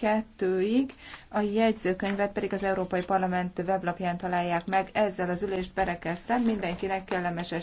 2-ig, a jegyzőkönyvet pedig az Európai Parlament weblapján találják meg. Ezzel az ülést berekeztem, mindenkinek kellemes estét.